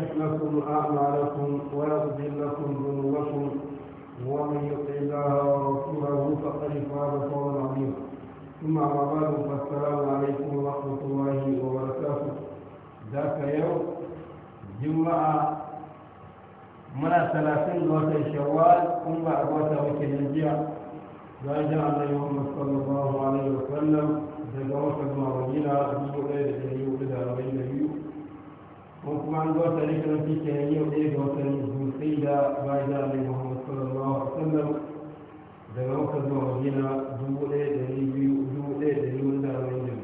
لكم أعمالكم ويغفر لكم ذنوبكم ومن يطع الله ورسوله فقد فاز قول عظيم ثم أما بعد فالسلام عليكم ورحمة الله وبركاته ذاك يوم جمعة من ثلاثين غوثة شوال ثم غوثة وكنجية جاء النبي محمد صلى الله عليه وسلم ذكر في المعروفين على سبيل الله يقول لها ko kuma an ga wata rikin ke kenan yau ɗaya ga watan dutse da bayan alai muhammadu sallallahu alaihi wasallam daga wata zuwa madina dubu ɗaya da biyu dubu ɗaya da biyu wanda a da biyu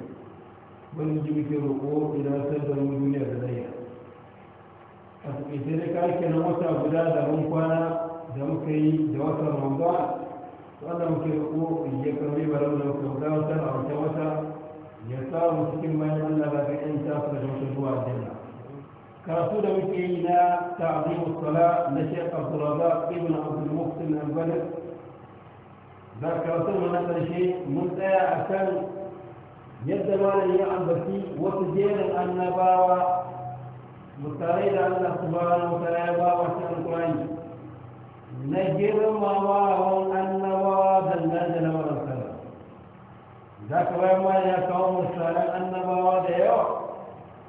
wani ke roƙo idan sai da mu duniya da zai a sai da kake na wata guda da mun kwana da muka yi da wata mamba wanda muke roƙo ya karbi barin da muka guda wata a wata wata ya samu cikin bayan allah ga ka ta tafiya da wata zuwa aljanna كرسول وكينا تعظيم الصلاة لشيخ عبد الرزاق ابن عبد المحسن البدر ذاك رسول الله صلى الله عليه وسلم متى أحسن يد مال يا عبدي وتجير أن باوا مطالعين على الأخبار وتلا باوا شر القرآن نجير ما واهم أن باوا ذنبنا ولا سلام ذاك ما يا قوم السلام أن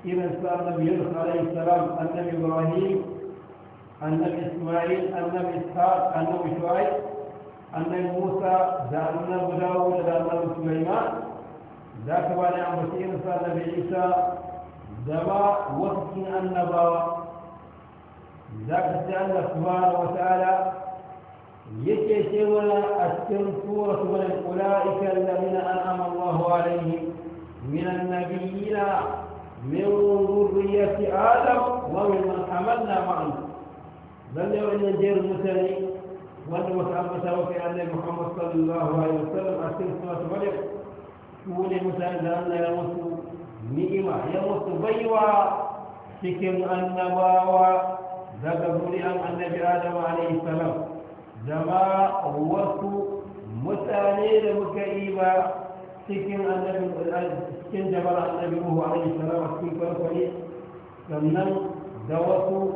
إذا سأل النبي يوسف عليه السلام النبي إبراهيم النبي إسماعيل النبي إسحاق النبي شعيب النبي موسى ذا النبي داوود ذا النبي سليمان ذاك بعد بسير بشير النبي عيسى دبا وقت النبا ذاك سأل سبحانه وتعالى يكتب أسكن سورة من أولئك الذين أنعم الله عليهم من النبيين من ذرية آدم ومن من حملنا معنا بل لو أن جير مثلي وأن وتأمته في أن محمد صلى الله عليه وسلم أسير سورة مريم تولي مثلا أن يموت ni'ima ya mutu baiwa cikin annabawa daga zuri'an annabi adam alaihi salam da ma wasu mutane da muka تكين عن النبي الآن تكين جبر عن النبي هو عليه السلام تكين كل كلي لمن دوتو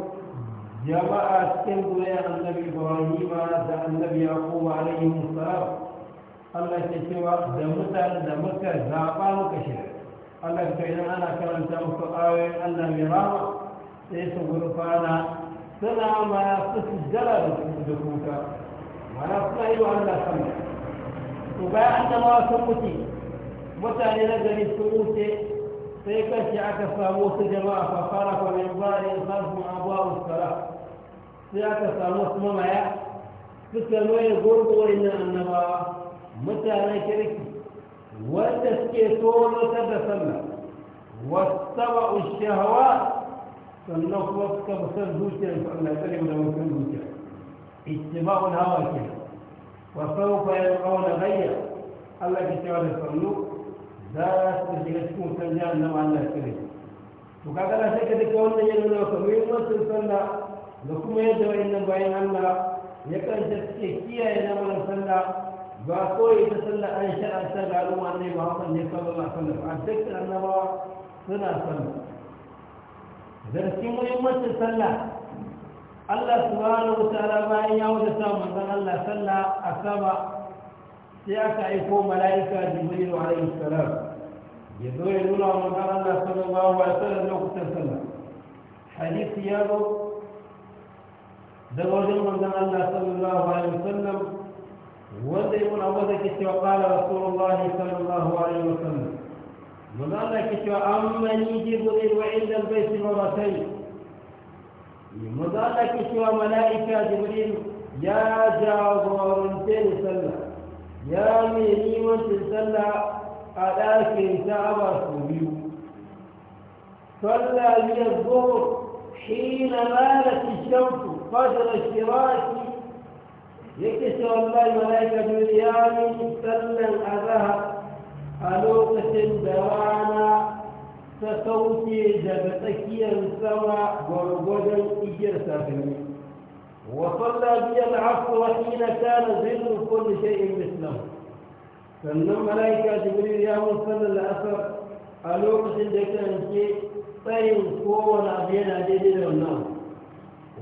جبا تكين بلا عن النبي إبراهيم عن النبي يعقوب عليه السلام الله تكين دمتا دمتا زابان كشير الله تكين أنا كلام تامك قاوي أن ميرا إيش يقولوا فانا سنا ما تسجل دكتورك ما نفعله عن الله سبحانه وبعد ما سمتي mutane na gari sun wuce sai kashi aka samu wasu jama'a fara fa min bari sarfu abawu sara sai aka samu su mamaya suka noye gurguwar nan annaba mutanen kirki wanda suke tsoratar da sallah wasu ushahawa sannan kuma suka musar zuciyar su Allah tsare da mutum zuciya ittiba'ul hawa ke wa sawfa yaqawna ghayya Allah ke cewa da sallu za su shiga cikin wutan jihar na Allah ya kare to kaga na sai ka duka wannan yana nuna maka muhimmancin sallah da kuma yadda wa'annan bayan Allah ya kanta suke kiyaye na mana sallah ba ko yi ta sallah an shar'anta ga al'umma ne ba hakan ne sallallahu alaihi wasallam a dukkan annabawa suna sallah su muhimmanci sallah Allah subhanahu wa ta'ala bayan ya wadata manzon Allah sallah asaba سيأتعف ملائكة جبريل عليه السلام يدوي لنا ومدار الله صلى الله عليه وسلم يقتسم حديث يابو دواج من الله صلى الله عليه وسلم وزي من أولك وقال رسول الله صلى الله عليه وسلم من الله كتوى أمني جبريل عند البيت مرتين من الله كتوى ملائكة جبريل يا جابر بن سلمة ya nemi wancan sallah a ɗakin ka'aba su biyu صلى من الظهر حين مالت الشمس فجر الشراك يكسر الله الملائكة باليام صلى الأذهب ألوقة دوانا فصوتي دبتكيا سوى ورغدا إجر سفني وصلى بي العفو حين كان زر كل شيء مثله فلما ملائكة جبريل يا موسى للأسف قالوا بس عندك شيء طيب كون أبينا جديد النوم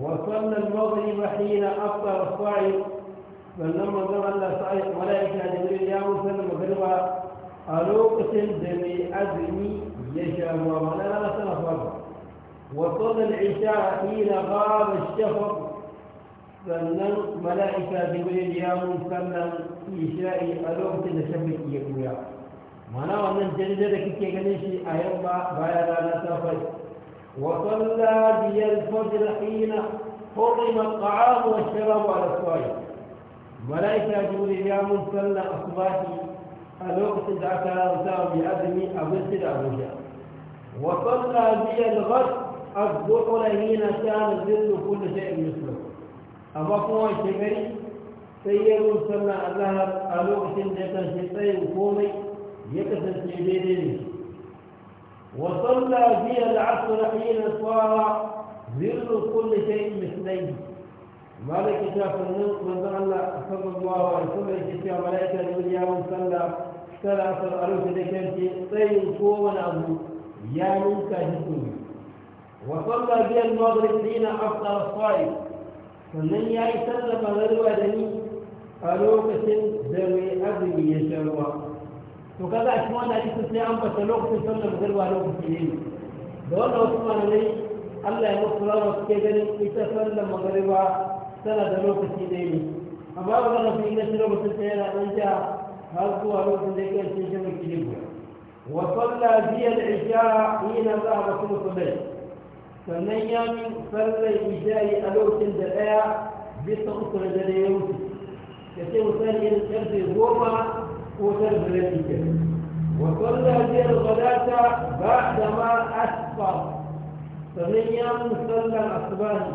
وصلى المغرب حين أفطر الصائم فلما ظهر صائم ملائكة جبريل يا موسى للمغرب قالوا بس عندك أدمي يشاء الله ولا لا وصلى العشاء حين غاب الشفق sannan mala'ika jibril ya mun sallan isha'i a lokacin da shabbi ya buya mana wannan jirgin da kike ganin shi a yamma bayan rana ta fari wa salla biyar fajr hina hurrima at-ta'am wa ash-sharab ala as-sa'id mala'ika jibril ya mun sallan asbahi a lokacin da aka ranta bi azmi abinci da abuja wa salla biyar ghad الظهر حين كان ظل كل شيء مثله amma kuma wace gari sai ya zo sallah azhar a lokacin da ya kasance tsayin komai ya kasance daidai ne wa sallah biya al'asr hina sara zirru kulli shay'in mislai malaki ta fannin manzon Allah sallallahu alaihi wasallam yake cewa malaika ne wani yawon sallah sallah asar a lokacin da kasance tsayin kowane abu ya ninka shi wa sallah biya al-maghrib hina afṭara as-sa'im sannan ya yi sallama zarwa da ni a lokacin da mai azumi ya sha ruwa to kaga a cikin wannan hadisin sai an fata lokacin sallar zarwa lokaci ne da wannan wasu ne, Allah ya musu rama suke ganin ita sallar ruwa tana da lokaci ne ne amma ba za fi shi lokacin ta yana ɗan ja har zuwa lokacin da yake cikin shirin kilibu wa sallah biyar isha hina za a basu musulmai sanayyan farlai ijayi a lokacin da ɗaya bisa uku na dare ya wuce ka ce misali yin ƙarfe goma ko ƙarfe na ɗike wa sallah biyar gadata ba da ma asfa sanayyan sallar asibani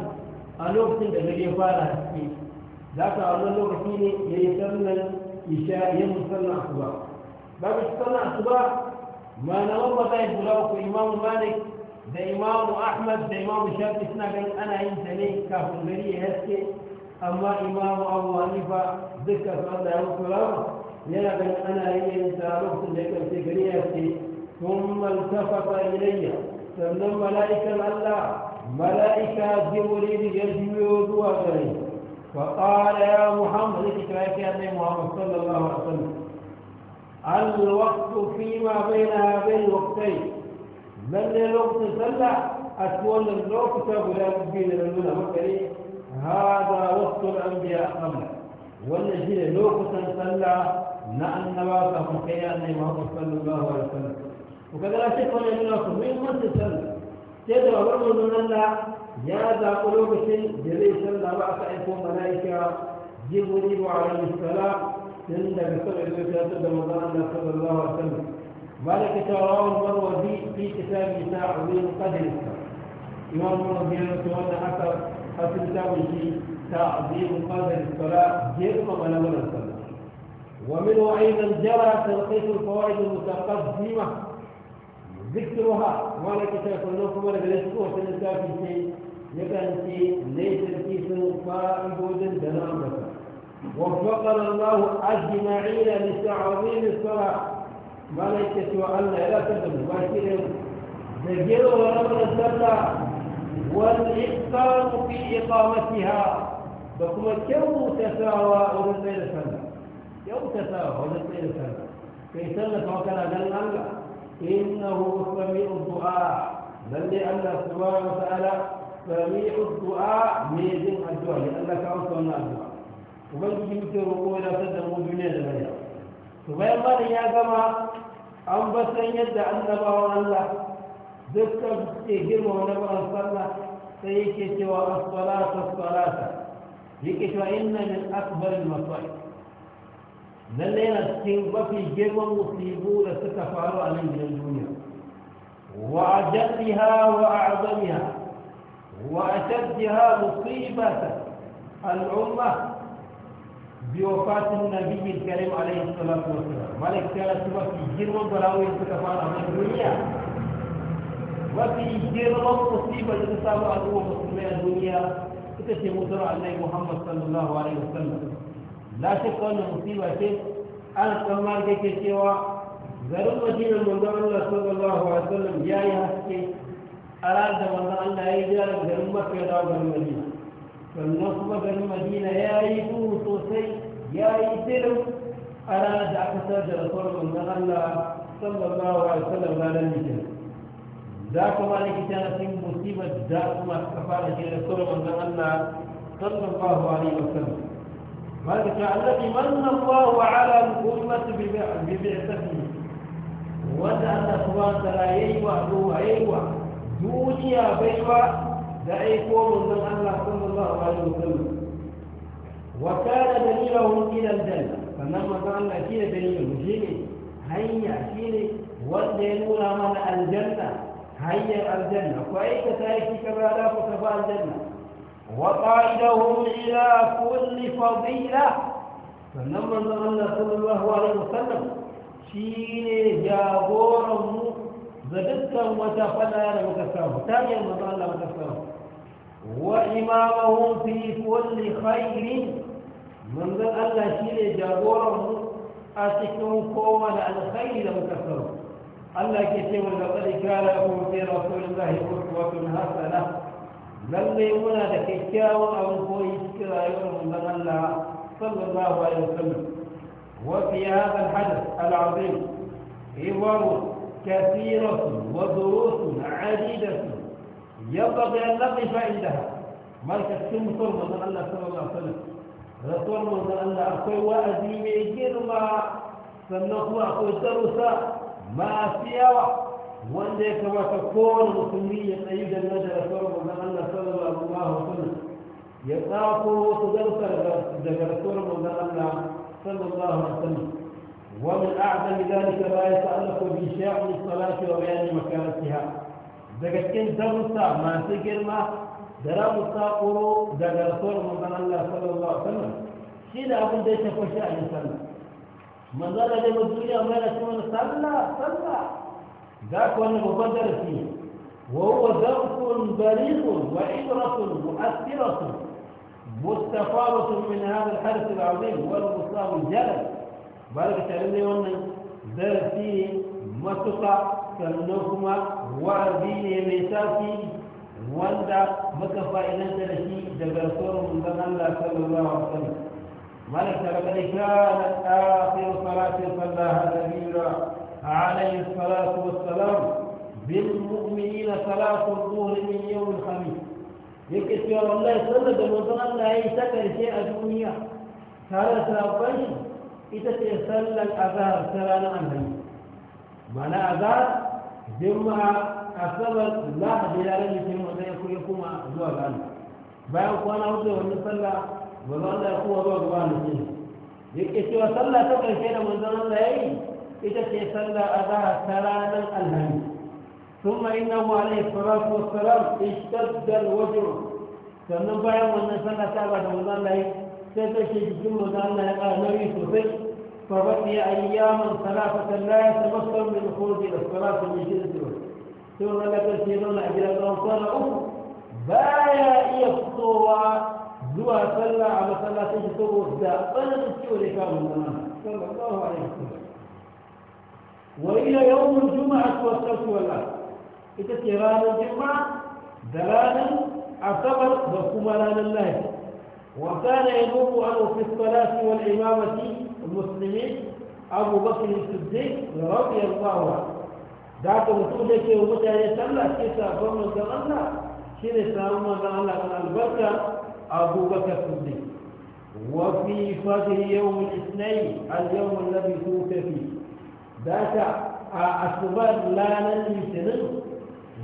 a lokacin da dare fara haske za ka wannan lokaci ne ya yi sallar isha ya musallar asuba babu sallar asuba ma na wani mata ya fura ku imamu malik ده أحمد ده إمام شاب إسنا قال أنا إنت ليه كافر مريه هسكي أما إمام أبو عنيفة ذكى فرد يا رسول الله قال أنا إيه إنت رفت لك الفكرية هسكي ثم التفت إلي سمنا ملائكة الله ملائكة جبريل جلبي وضوء قريب فقال يا محمد ذكى يا محمد صلى الله عليه وسلم الوقت فيما بين هذين الوقتين lalle lokacin sallah a cikin wannan lokuta guda biyu da na nuna maka ne hada wasu anbiya qabla wannan shine lokutan sallah na annaba kafin kai ya annabi Muhammad sallallahu alaihi wasallam to kaga na shi ne nuna ku muhimmancin sallah sai da wannan manzon Allah ya zaɓi lokacin da zai sallah ba aka aiko mala'ika jibrilu alaihi salam tun daga sabai ta da manzon Allah sallallahu alaihi wasallam مالك رواه المروزي في كتاب نساء عمير قدر إمام المروزي يتولى أثر حسن كتابه تعظيم قدر الصلاة جرم ولمن الصلاة ومنه أيضا جرى تلقيت الفوائد المتقدمة ذكرها وانا كتاب لكم وانا بلسكوه سنسا في شيء يكن في ليس في سنقاء بوجن دنامك وفقنا الله أجمعين لتعظيم الصلاة ba na Allah ya lafi da ba shi ne da gero wa rabu da sarda wani ikkaru fi iqamati ha da kuma kyau ta sawa wurin tsaye da kyau ta sawa wurin tsaye da kai sarda kawai kana ganin Allah inna hu sami du'a lalle Allah subhanahu wa ta'ala sami du'a me jin addu'a ne Allah ka amsa wannan addu'a ubangiji mutum roƙo ya sadda mu duniya da bayan to bayan ba da ya gama an ba san yadda annabawan Allah dukkan suke girma wani baran sallah sai yake cewa as-salatu as-salata yake cewa inna min akbar al-masaib lalle yana cikin mafi girman musibu da suka faru a nan gidan duniya wa ajaliha wa a'zamiha wa ashaddiha musibata al-umma biwafatin nabiyin karim alaihi salatu wa salam malik ta rasu ba girman balawai suka fara a duniya ba fi girman musiba da ta samu al'uwa musulmi a duniya ita ce mutar annai muhammad sallallahu alaihi wa sallam na shi kawai ce an kamar da ke cewa garin majinan manzo allah sallallahu alaihi wa sallam ya yi haske a da manzo allah ya yi garin mafiya da garin majinan فالنصبة المدينة يايبو توسي يايتلو أنا أدعك سجل طرق النغلى صلى الله عليه وسلم على النجل ذاك ما لك تنسي مصيبة ذاك ما تكفال جل طرق صلى الله عليه وسلم ملك الذي من الله على الأمة ببعثته ودعنا أخوان ترى أيوة هو أيوة, أيوة. دنيا بيوة da aiko manzon Allah sallallahu alaihi wasallam wa kana dalilahum ila aljanna sannan manzon Allah shi ne dalilin shi ne hanya shi ne wanda ya nuna mana aljanna hanyar aljanna ko aikata yake kaza da ku tafi aljanna وقائدهم إلى كل فضيلة فنما الله صلى الله عليه وسلم شين جابور مو زدت وتفلا وتساوى تاني ما الله وتساوى إمامهم في كل خير من الله شيل جابورهم أتكون قوم على الخير لو كفروا الله كتب لقد كان لكم في رسول الله أسوة حسنة بل يقول لك كتاب أو كويسكرا يوم من الله صلى الله عليه وسلم وفي هذا الحدث العظيم عبر كثيرة ودروس عديدة ينبغي أن نقف عندها marka cikin mutuwar manzon Allah sallallahu alaihi wasallam rasuwar manzon Allah akwai wa'azi mai girma sannan kuma akwai darussa masu yawa wanda ya kamata kowane musulmi ya tsayi da da rasuwar manzon Allah sallallahu alaihi wasallam ya tsako wasu darussa daga rasuwar manzon Allah sallallahu alaihi wasallam ومن أعظم ذلك ما يتعلق بإنشاء الصلاة وبيان مكانتها. ذكرت درس ما تجرمه درام الساقر دقى رسول من قال الله صلى الله عليه وسلم سيدة أبن دي شفوشة عن السنة من ذا لدي مدرية أمير أسمان صلى صلى ذاك وانا مبادر فيه وهو ذوق بليغ وعبرة مؤثرة مستفارة من هذا الحرس العظيم والمصاب الجلد بارك تعلمني وانا ذا فيه مسقى كالنفمة وعبيه ميساتي wanda muka fa'ilin da da shi da garkuwar mundan Allah sallallahu alaihi wasallam mana tare da kana akhir salati sallaha A alayhi salatu wassalam bil mu'minin salatu dhuhri min yawm al khamis yake cewa wallahi sallar da mundan Allah yayi ta karshe a duniya tare da sabon ita ce sallan sallar azhar sallar an ma'ana azhar juma'a asabar lahadi ya rage da wanda ya kuma kuma zuwa ga bayan kwana wuce wannan sallah ba za Allah kuma zuwa ga Allah ne yake cewa sallah ta karshe da manzon Allah yayi ita ce sallah a azhar ta ranar alhamis ma ثم إنه عليه الصلاة والسلام اشتد الوجع sannan bayan wannan sallah ta ba da manzon Allah sai ta ce jikin manzon Allah ya ƙara nauyi sosai فبقي أياما ثلاثة لا يتمكن من الخروج إلى الصلاة من جلد الوقت ثم لك سيرون إلى الأوطان أخرى بايا يخطوها زوى صلى على صلاة تجتب وحدة أنا تسكي ولكام الزمان صلى الله عليه وسلم وإلى يوم الجمعة والسبت والأرض إذا سيران الجمعة دلالا أعتبر بكم لله الله وكان ينوب عنه في الصلاة والإمامة المسلمين أبو بكر الصديق رضي الله عنه ذاك رسول الله صلى الله عليه وسلم كيف أفهم الزمان لا كيف أفهم الزمان لا البركة أبو بكر الصديق وفي فضل يوم الاثنين اليوم الذي توفى فيه ذاك أسباب لا ننجي سنن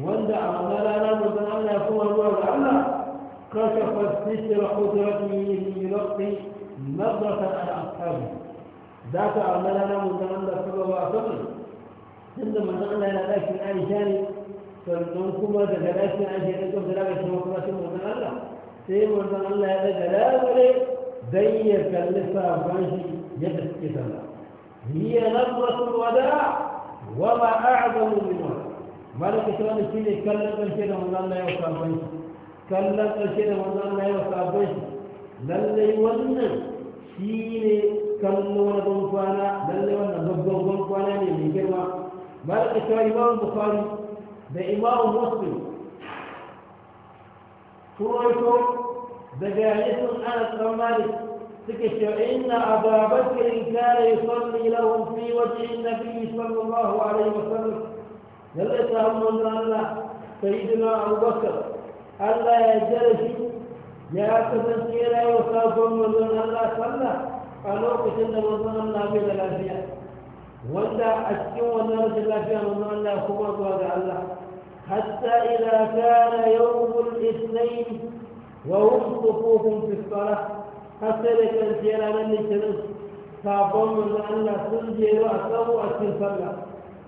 وأن أمانا لا نمزن أن يكون الله لعلا كشف السجر قدرته لنقي نظرة على أصحابه ذاك أمرنا من الله صلى الله عليه وسلم عند من الله لا لكن عائشة sannan kuma daga rashin ake ɗaukar da daga kuma kuma shi mutum Allah sai mutum Allah ya daga lamure don ya kalli sabon shi yadda suke sallah hiya nazratul wada wa ma a'zamu min wada malaka shi wani shine kallon ƙarshe da mutum Allah ya sabon shi kallon ƙarshe da mutum Allah ya sabon shi lallai wannan shine kallo na ban kwana lalle wannan babban ban kwana ne mai girma ba da kashewa imamu bukari da imamu muslim turaito daga yalisun ana tsan malik suke cewa inna abu bakar kana yusalli lahum fi wajhi nabi sallallahu alaihi wasallam lalle ta hannun Allah sayyidina abubakar Allah ya jira shi ya kasance yana yi wa sabon manzon Allah sallah a lokacin da manzon Allah bai da lafiya wanda a cikin wannan rashin lafiya manzon Allah ya koma zuwa ga Allah hatta idza kana yawmul ithnain wa hum sufuhum fi salah hatta da kan jira nan ne kiran sabon manzon Allah sun jero a tsawo a cikin sallah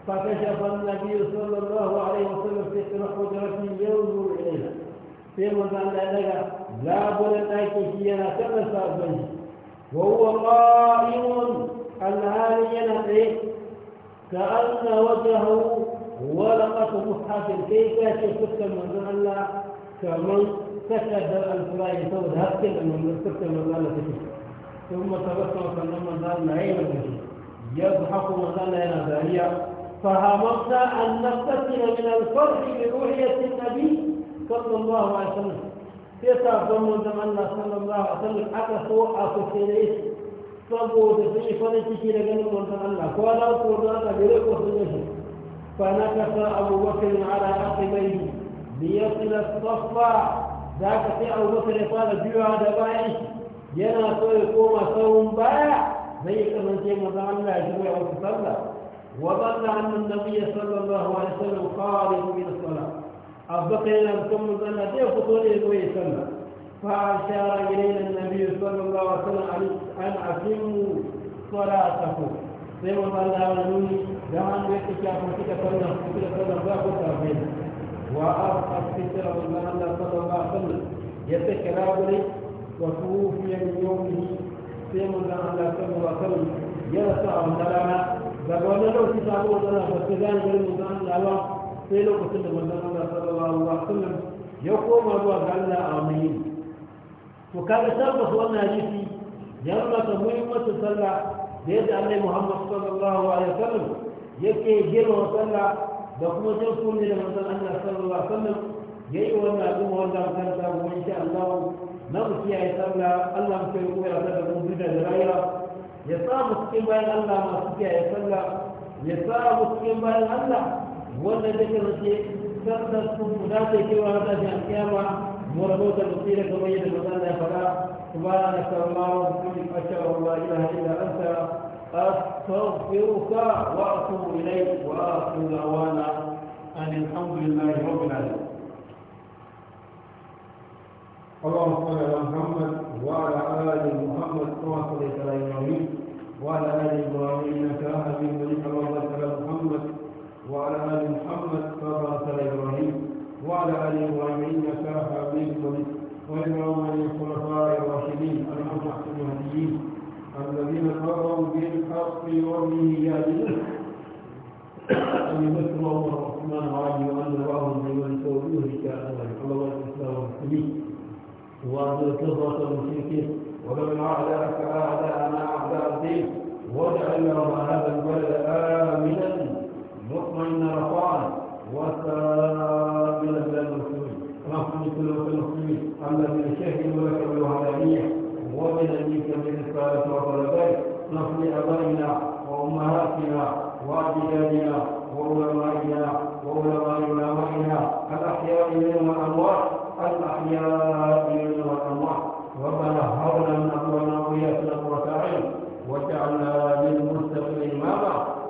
فكشف النبي صلى الله عليه وسلم ستر حجرته ينظر اليها sai manzo Allah ya daga labulan ɗakin shi yana karanta abin وهو قائم هذه نفسه كأن وجهه ورقه مصحف كيف تكتب المنزل الله كمن سكت الفلاي يسود هكذا من كتب من ثم تبسم فلما زال نعيما به يضحك مثلا يا داريا فهمت أن نبتسم من الفرح بروحية النبي صلى الله عليه وسلم yasa ban manzon Allah sallallahu alaihi wasallam aka so a kusure shi saboda sun yi farin ciki da ganin manzon Allah ko da ku da ta gare ko sun yi fa na ka sa Abu Bakr ala aqibai bi yasla safa za ka sai Abu Bakr ya fara juya da bayan yana so ya koma sauran baya zai yi kasance manzon Allah ya shigo ya wasu sallah وظن أن النبي صلى الله عليه وسلم خارج من الصلاة abubakar yana son manzana zai fito ne zo ya sallah فأشار إلينا النبي صلى الله عليه mu أن a صلاتكم sai mun ba da wani nuni da hannu ya tafi a kuma kika sallan kika sallan ba ku tafi wa a fitira wanda Allah sallallahu alaihi wasallam ya take rabule wa tufiya min sai mun da Allah sallallahu alaihi ya rasa a wannan rana daga wannan lokaci ta ko da ta gane gurin mun da sai lokacin da manzon Allah sallallahu alaihi wasallam ya koma zuwa ga Allah a wani to kaga tabbas wannan hadisi ya rubuta ta muhimmancin sallah da yadda Annabi Muhammad sallallahu alaihi wasallam yake girma sallah da kuma jin sunni da manzon Allah sallallahu alaihi wasallam yayi wannan abin wanda kan ta mu insha Allah na mu kiyaye sallah Allah mu kai ta da mun da rayuwa ya sa cikin bayan Allah masu kiyaye sallah ya sa cikin bayan Allah wanda take mace sarda sun za ta yi kewa ta jan kiyama mu rabo ta mace da kamar yadda mazan da ya faɗa subhanaka allahumma wa bihamdika ashhadu an la ilaha illa anta استغفرك واتوب اليك واخر دعوانا ان الحمد لله رب العالمين اللهم صل على محمد وعلى ال محمد كما صليت على ابراهيم وعلى ال ابراهيم انك حميد مجيد اللهم صل على محمد وعلى آل محمد كما عليه إبراهيم وعلى آل إبراهيم إنك حميد مجيد وإمام الخلفاء الراشدين المصلحة المهديين الذين كفروا بالحق وبه يهدون أن يذكر الله الرحمن الرحيم وأن رآهم بمن توجوه كأنه الله الإسلام والمسلمين وأن كفرة المشركين ومن أعداءك أعداءنا أعداء الدين واجعل هذا البلد آمنا مطمئن رفعا وسائل الى المسلمين رحمة كل المسلمين أما من شهدوا لك بالوحدانية وبنبيك من السادة وطلبات نحن أبائنا وأمهاتنا وأجدادنا وعلمائنا وعلماء علمائنا الأحياء منهم والأموات الأحياء منهم والأموات ربنا هب من أبونا وإياكنا قرة أعين واجعلنا للمتقين إماما